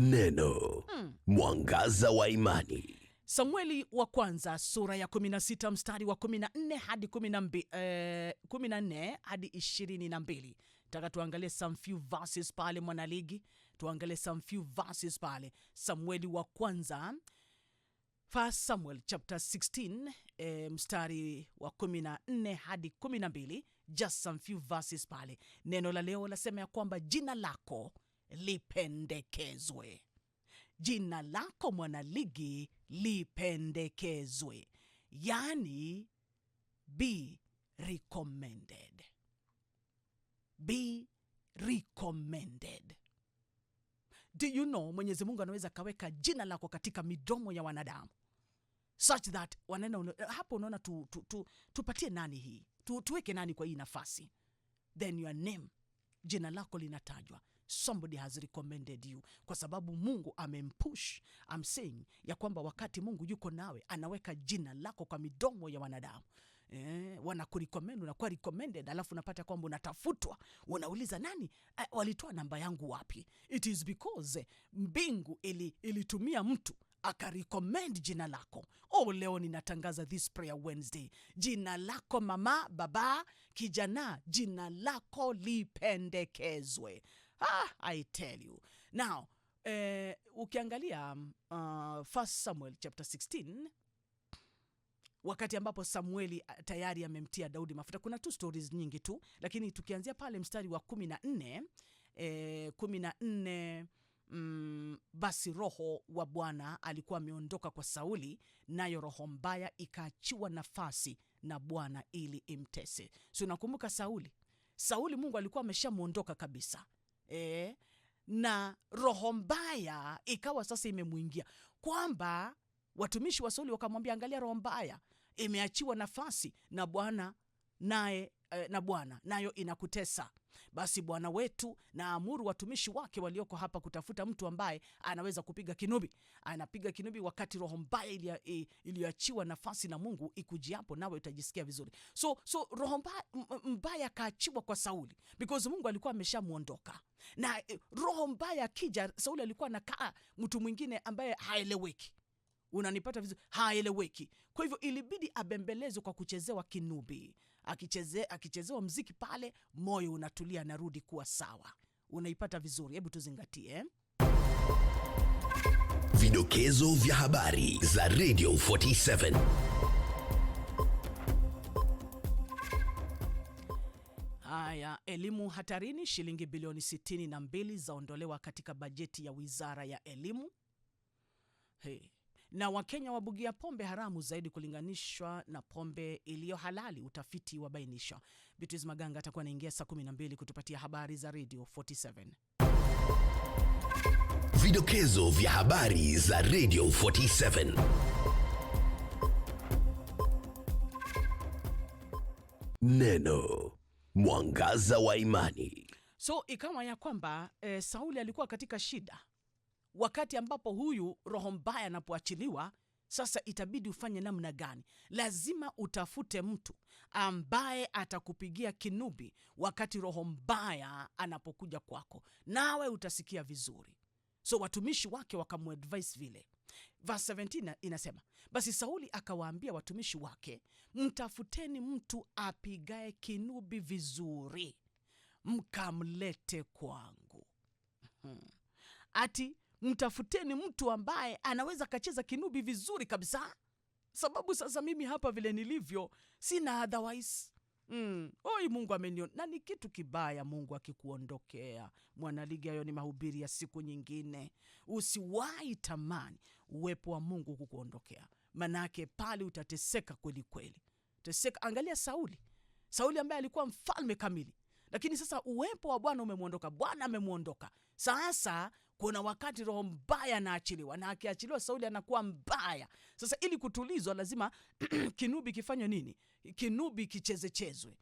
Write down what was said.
Neno hmm. mwangaza wa imani. Samueli wa kwanza sura ya 16 mstari wa 14 hadi 14 eh, hadi 22. Nataka tuangalie some few verses pale mwanaligi, tuangalie some few verses pale Samueli wa kwanza First Samuel chapter 16 eh, mstari wa 14 hadi 12, just some few verses pale. Neno la leo lasema ya kwamba jina lako lipendekezwe. Jina lako mwanaligi lipendekezwe, yani be recommended. Be recommended. Do you know, Mwenyezi Mungu anaweza akaweka jina lako katika midomo ya wanadamu such that uno, hapo, unaona tu, tu, tu, tupatie nani hii tu, tuweke nani kwa hii nafasi, then your name, jina lako linatajwa somebody has recommended you, kwa sababu Mungu amempush. I'm saying ya kwamba wakati Mungu yuko nawe anaweka jina lako kwa midomo ya wanadamu eh, wanakurecommend, unakuwa recommended, alafu unapata kwamba unatafutwa, unauliza nani, eh, walitoa namba yangu wapi? It is because mbingu ili, ilitumia mtu akarecommend jina lako. Oh, leo ninatangaza this prayer Wednesday, jina lako mama, baba, kijana, jina lako lipendekezwe ah, I tell you now eh, ukiangalia uh, First Samuel chapter 16 wakati ambapo Samueli ah, tayari amemtia Daudi mafuta. Kuna tu stories nyingi tu, lakini tukianzia pale mstari wa kumi na nne eh, kumi na nne mm, basi roho wa Bwana alikuwa ameondoka kwa Sauli, nayo roho mbaya ikaachiwa nafasi na Bwana ili imtese. Si unakumbuka Sauli? Sauli Mungu alikuwa ameshamwondoka kabisa eh, na roho mbaya ikawa sasa imemwingia kwamba watumishi wa Sauli wakamwambia, angalia, roho mbaya imeachiwa nafasi na Bwana naye eh, na Bwana nayo inakutesa. Basi bwana wetu na amuru watumishi wake walioko hapa kutafuta mtu ambaye anaweza kupiga kinubi. Anapiga kinubi wakati roho mbaya iliyoachiwa nafasi na Mungu ikujiapo, nawe utajisikia vizuri. So, so roho mbaya, mbaya akaachiwa kwa Sauli because Mungu alikuwa ameshamwondoka na e, roho mbaya akija, Sauli alikuwa anakaa mtu mwingine ambaye haeleweki. Unanipata vizuri? Haeleweki. Kwa hivyo ilibidi abembelezwe kwa kuchezewa kinubi akicheze, akichezewa mziki pale, moyo unatulia, narudi kuwa sawa. Unaipata vizuri, hebu tuzingatie vidokezo vya habari za Radio 47. Haya, elimu hatarini, shilingi bilioni 62 zaondolewa katika bajeti ya wizara ya elimu. Hey. Na Wakenya wabugia pombe haramu zaidi kulinganishwa na pombe iliyo halali, utafiti wabainisha. Beatrice Maganga atakuwa anaingia saa 12 kutupatia habari za Radio 47. Vidokezo vya habari za Radio 47. Neno mwangaza wa imani. So ikawa ya kwamba e, Sauli alikuwa katika shida wakati ambapo huyu roho mbaya anapoachiliwa sasa itabidi ufanye namna gani? Lazima utafute mtu ambaye atakupigia kinubi wakati roho mbaya anapokuja kwako, nawe utasikia vizuri. So watumishi wake wakamuadvise vile. Verse 17 inasema, basi Sauli akawaambia watumishi wake, mtafuteni mtu apigae kinubi vizuri, mkamlete kwangu. Hmm. Ati mtafuteni mtu ambaye anaweza akacheza kinubi vizuri kabisa, sababu sasa mimi hapa vile nilivyo sina otherwise. Mm. Oi, Mungu ameniona, na ni kitu kibaya Mungu akikuondokea. Mwanaliga, hayo ni mahubiri ya siku nyingine. Usiwahi tamani uwepo wa Mungu kukuondokea, manake pale utateseka kweli kweli, teseka. Angalia Sauli, Sauli ambaye alikuwa mfalme kamili, lakini sasa uwepo wa Bwana umemwondoka. Bwana amemwondoka sasa kuna wakati roho mbaya anaachiliwa, na akiachiliwa Sauli anakuwa mbaya. Sasa ili kutulizwa lazima kinubi kifanywe nini? Kinubi kichezechezwe.